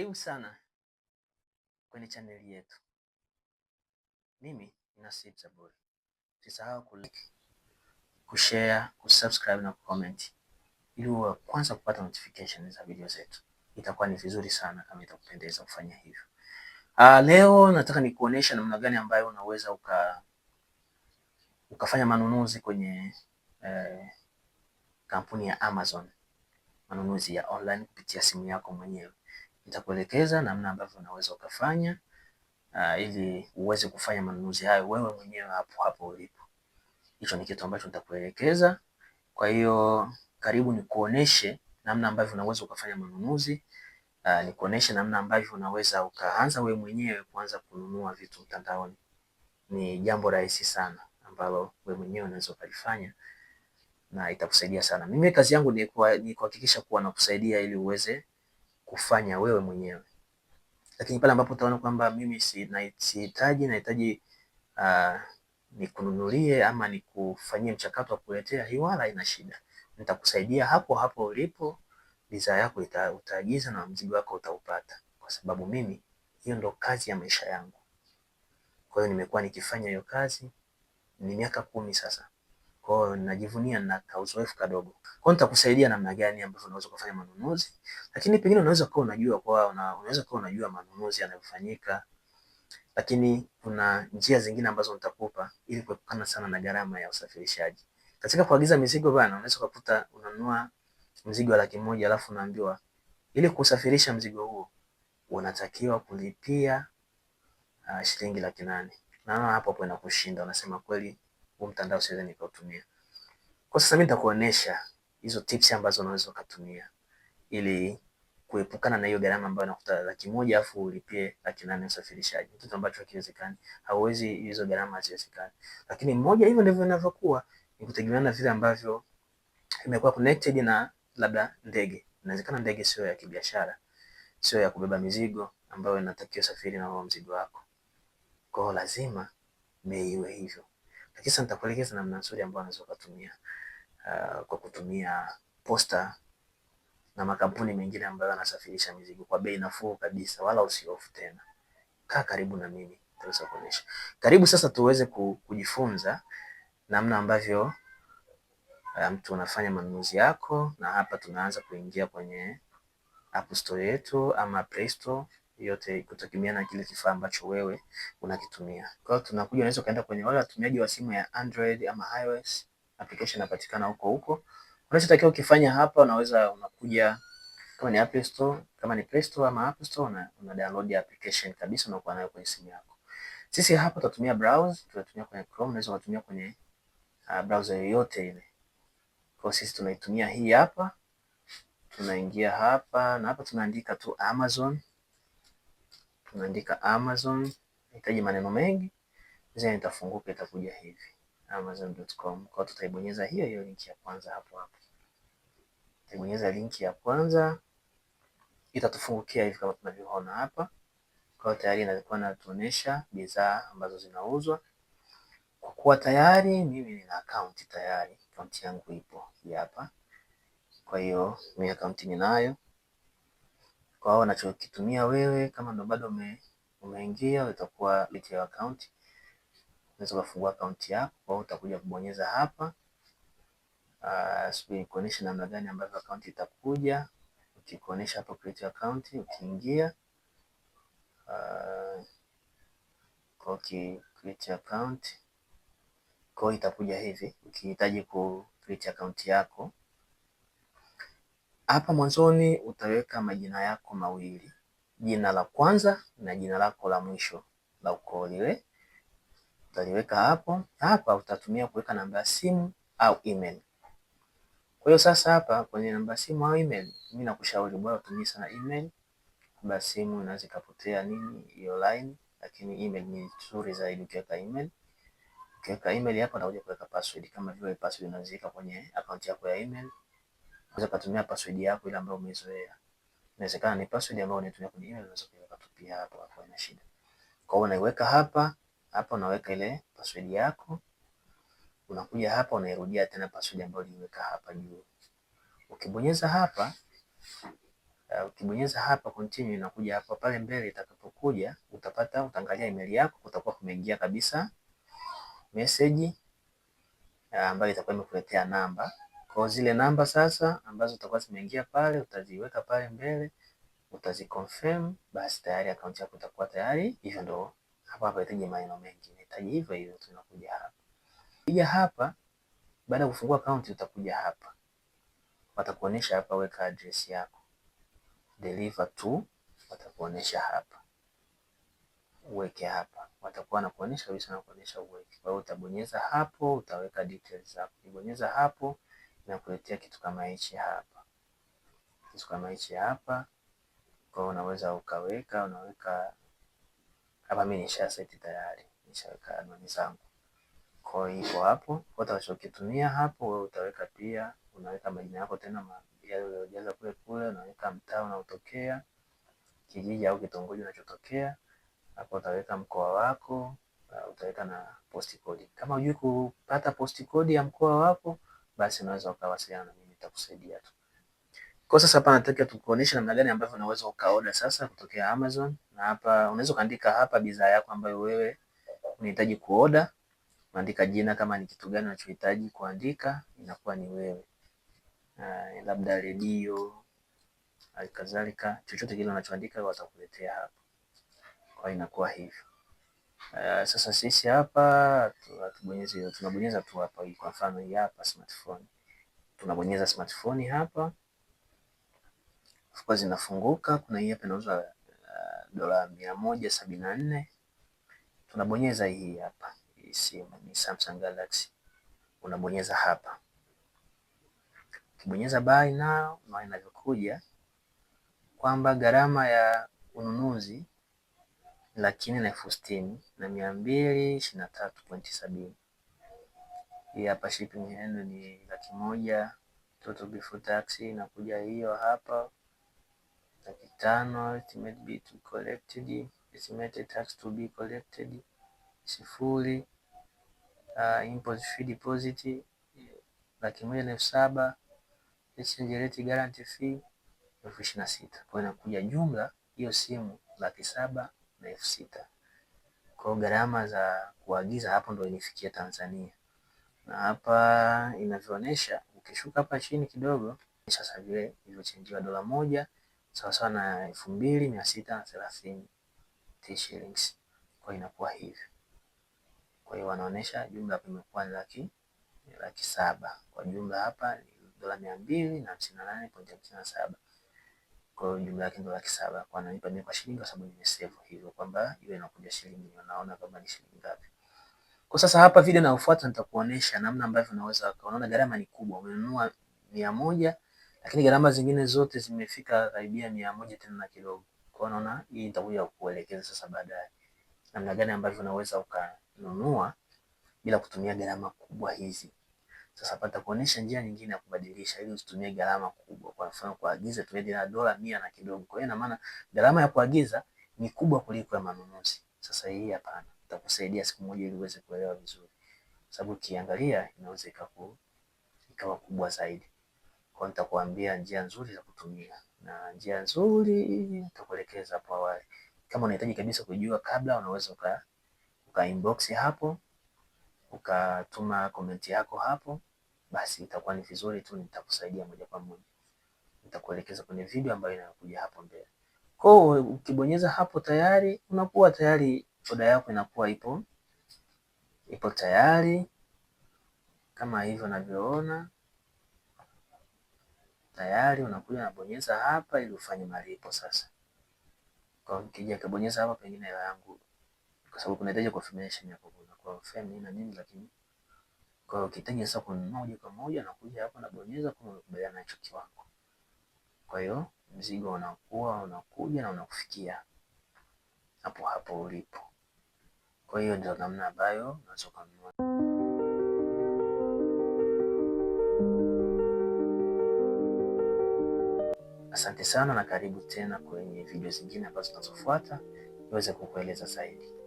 Karibu sana kwenye chaneli yetu. Mimi ni Nasib Saburi. Usisahau ku ku like, share, ku subscribe na comment ili uwe kwanza kupata notification za video zetu. Itakuwa ni vizuri sana kama itakupendeza kufanya hivyo. Ah, leo nataka nikuonesha namna gani ambayo unaweza uka, ukafanya manunuzi kwenye eh, kampuni ya Amazon, manunuzi ya online kupitia simu yako mwenyewe nitakuelekeza namna ambavyo unaweza ukafanya uh, ili uweze kufanya manunuzi hayo wewe mwenyewe hapo hapo ulipo. Hicho ni kitu ambacho nitakuelekeza. Kwa hiyo karibu nikuoneshe namna ambavyo unaweza ukafanya manunuzi uh, nikuoneshe namna ambavyo unaweza ukaanza wewe mwenyewe kuanza kununua vitu mtandaoni. Ni jambo rahisi sana ambalo wewe mwenyewe unaweza ukalifanya na itakusaidia sana. Mimi kazi yangu ni kuhakikisha kuwa nakusaidia ili uweze kufanya wewe mwenyewe. Lakini pale ambapo utaona kwamba mimi sihitaji, nahitaji uh, nikununulie ama nikufanyie mchakato wa kuletea, hiyo wala haina shida, nitakusaidia hapo hapo ulipo. Bidhaa yako utaagiza na mzigo wako utaupata, kwa sababu mimi hiyo ndo kazi ya maisha yangu. Kwa hiyo nimekuwa nikifanya hiyo kazi ni miaka kumi sasa. Kwa hiyo najivunia na ka uzoefu kadogo. Kwa hiyo nitakusaidia namna gani ambavyo unaweza kufanya manunuzi, lakini pengine unaweza kuwa unajua kwa unaweza kuwa unajua manunuzi yanavyofanyika, lakini kuna njia zingine ambazo nitakupa ili kuepukana sana na gharama ya usafirishaji. Katika kuagiza mizigo bana, unaweza ukakuta unanunua mzigo wa laki moja alafu unaambiwa ili kusafirisha mzigo huo unatakiwa kulipia ah, shilingi laki nane. Naona hapo hapo inakushinda, unasema kweli huu mtandao siwezi nikautumia. Kwa sasa mimi nitakuonesha hizo tips ambazo unaweza ukatumia ili kuepukana na hiyo gharama ambayo unakuta laki moja afu ulipie laki nane usafirishaji, kitu ambacho hakiwezekani. Hauwezi, hizo gharama haziwezekani. Lakini moja, hivyo ndivyo inavyokuwa, ni kutegemeana na vile ambavyo imekuwa connected na labda ndege. Inawezekana ndege sio ya kibiashara, sio ya kubeba mizigo ambayo inatakiwa safiri na mzigo wako, kwa lazima mei iwe hivyo. Sasa nitakuelekeza namna nzuri ambayo unaweza kutumia uh, kwa kutumia posta na makampuni mengine ambayo yanasafirisha mizigo kwa bei nafuu kabisa, wala usihofu tena. Kaa karibu na mimi nitaweza kuonyesha. Karibu sasa tuweze kujifunza namna ambavyo uh, mtu um, unafanya manunuzi yako, na hapa tunaanza kuingia kwenye App Store yetu ama Play Store yote kutegemea na kile kifaa ambacho wewe unakitumia. Kwa hiyo tunakuja, unaweza ukaenda kwenye wale watumiaji wa simu ya Android ama iOS, application inapatikana huko huko. Unachotakiwa ukifanya hapa, unaweza unakuja kama ni App Store, kama ni Play Store ama App Store, una, una download ya application kabisa unakuwa nayo kwenye simu yako. Sisi hapa tutatumia browse, tutatumia kwenye Chrome, unaweza kutumia kwenye uh, browser yoyote ile. Kwa sisi tunaitumia hii hapa, tunaingia hapa na hapa tunaandika tu Amazon unaandika Amazon, nahitaji maneno mengi, then itafunguka itakuja hivi amazon.com. Kwa tutaibonyeza hiyo hiyo linki ya kwanza hapo hapo, taibonyeza linki ya kwanza itatufungukia hivi kama tunavyoona hapa. Kwa tayari inakuwa inatuonyesha bidhaa ambazo zinauzwa. Kwa kuwa tayari mimi nina akaunti tayari, akaunti yangu ipo hii hapa, kwa hiyo mimi akaunti ninayo. Kwa hao wanachokitumia wewe kama ndo bado ume, umeingia itakuwa your account. Unaweza kufungua account yako kwa hiyo utakuja kubonyeza hapa. Uh, sijui nikuonesha namna gani ambavyo account itakuja. Ukikuonesha hapo create account ukiingia. Uh, kwa ki create account. Kwa itakuja hivi ukihitaji ku create account yako hapa mwanzoni utaweka majina yako mawili, jina la kwanza na jina lako la mwisho la ukoo lile utaliweka hapo. Hapa utatumia kuweka namba ya simu au email. Kwa hiyo sasa hapa kwenye namba ya simu au email, mimi nakushauri bora utumie sana email. Namba ya simu inaweza ikapotea nini hiyo line, lakini email ni nzuri zaidi. Ukiweka email, ukiweka email hapa utakuja kuweka password kama vile password unaziweka kwenye account yako ya email. Unaweza kutumia password yako ile ambayo umezoea. Inawezekana ni password ambayo unatumia kwenye email, unaweza kuiweka tu pia hapo, haina shida. Kwa hiyo unaiweka hapa, hapa unaweka ile password yako. Unakuja hapa unairudia tena password ambayo uliweka hapa juu. Ukibonyeza hapa uh, ukibonyeza hapa continue inakuja hapa pale mbele itakapokuja utapata utaangalia email yako utakuwa kumeingia kabisa message uh, ambayo itakuwa imekuletea namba kwa zile namba sasa ambazo utakuwa zimeingia pale, utaziweka pale mbele, utaziconfirm, basi tayari account yako itakuwa tayari. Hivyo ndo hapa hapa, itaje maneno mengi, nahitaji hivyo hivyo, tunakuja hapa, Ija hapa. Baada ya kufungua account utakuja hapa, watakuonesha hapa, weka address yako, deliver to, watakuonesha hapa, uweke hapa watakuwa wanakuonesha kabisa, wanakuonesha uweke. Kwa hiyo utabonyeza hapo, utaweka details zako, ukibonyeza hapo inakuletea kitu kama hichi hapa, kitu kama hichi hapa. Kwa hiyo unaweza ukaweka, unaweka hapa. Mimi nisha seti tayari, nishaweka anwani zangu, kwa hiyo ipo hapo. Kwa Utakachokitumia hapo wewe utaweka pia, unaweka majina yako tena yale uliojaza kule kule, unaweka mtaa unaotokea, kijiji au kitongoji unachotokea hapo utaweka mkoa wako, utaweka na posti Kama hujui kupata posti ya mkoa wako, basi unaweza ukawasiliana na mimi nitakusaidia tu. Kwa sasa hapa nataka tukuoneshe namna gani ambavyo unaweza ukaoda sasa kutokea Amazon, na hapa unaweza ukaandika hapa bidhaa yako ambayo wewe unahitaji kuoda, unaandika jina kama ni kitu gani unachohitaji kuandika, inakuwa ni wewe uh, labda redio halikadhalika, chochote kile unachoandika watakuletea hapa, kwa inakuwa hivyo. Eh, sasa sisi hapa tunabonyeza tunabonyeza tu hapa kwa mfano hii hapa smartphone, tunabonyeza smartphone hapa, of course inafunguka. Kuna hii hapa inauzwa uh, eh, dola mia moja sabini na nne. Tunabonyeza hii hapa, hii simu ni Samsung Galaxy, unabonyeza hapa. Ukibonyeza buy now, na inavyokuja kwamba gharama ya ununuzi lakini na elfu sitini na mia mbili ishirini na tatu pointi sabini. Hii hapa shipping handle ni laki moja total before tax, kuja hiyo hapa laki tano estimate be to collected, estimated tax to be collected sifuri. Uh, import fee deposit laki moja na elfu saba exchange rate guarantee fee elfu ishirini na sita kwa inakuja jumla hiyo simu laki saba na elfu sita kwa hiyo gharama za kuagiza hapo ndo inifikia Tanzania, na hapa inavyoonyesha ukishuka hapa chini kidogo sasa vile ilivyochenjiwa dola moja sawasawa na elfu mbili mia sita na thelathini shillings, kwa inakuwa hivi. Kwa hiyo wanaonyesha jumla hapa imekuwa laki laki saba kwa jumla hapa ni dola mia mbili na hamsini na nane pointi hamsini na saba. Kwa hiyo jumla yake ndo laki saba kwa ananipa mimi kwa shilingi kwa sababu nimesave hiyo kwamba hiyo inakuja shilingi milioni naona kama ni shilingi ngapi. Kwa sasa hapa video inayofuata nitakuonesha namna ambavyo unaweza kuona gharama ni kubwa. Umenunua mia moja lakini gharama zingine zote zimefika karibia mia moja tena na kidogo. Kwa hiyo naona hii nitakuja kuelekeza sasa baadaye. Namna gani ambavyo unaweza ukanunua bila kutumia gharama kubwa hizi. Sasa patakuonyesha njia nyingine ya kubadilisha ili usitumie gharama kubwa. Kwa mfano, kuagiza trade na dola mia na kidogo. Kwa hiyo ina maana gharama ya kuagiza ni kubwa kuliko ya manunuzi. Sasa hii hapana, itakusaidia siku moja ili uweze kuelewa vizuri, sababu ukiangalia inaweza ikaku ikawa kubwa zaidi. Kwa hiyo nitakuambia njia nzuri za kutumia na njia nzuri nitakuelekeza hapo awali. Kama unahitaji kabisa kujua kabla, unaweza uka uka inbox hapo ukatuma komenti yako hapo, basi itakuwa ni vizuri tu nitakusaidia moja kwa moja, nitakuelekeza kwenye video ambayo inakuja hapo mbele. Kwa hiyo ukibonyeza hapo tayari unakuwa tayari oda yako inakuwa ipo ipo tayari kama hivyo unavyoona tayari, unakuja unabonyeza hapa ili ufanye malipo sasa. Kwa ukija kabonyeza hapa, pengine hela yangu, kwa sababu kunahitaji confirmation ya kwa confirm na nini, lakini kwa hiyo ukihitaji sasa moja kwa moja unakuja hapa nabonyeza kama umekubaliana na hicho wako. Kwa hiyo mzigo unakuwa unakuja na unakufikia hapo hapo ulipo. Kwa hiyo ndio namna ambayo unaweza kununua. Asante sana na karibu tena kwenye video zingine ambazo zinazofuata niweze kukueleza zaidi.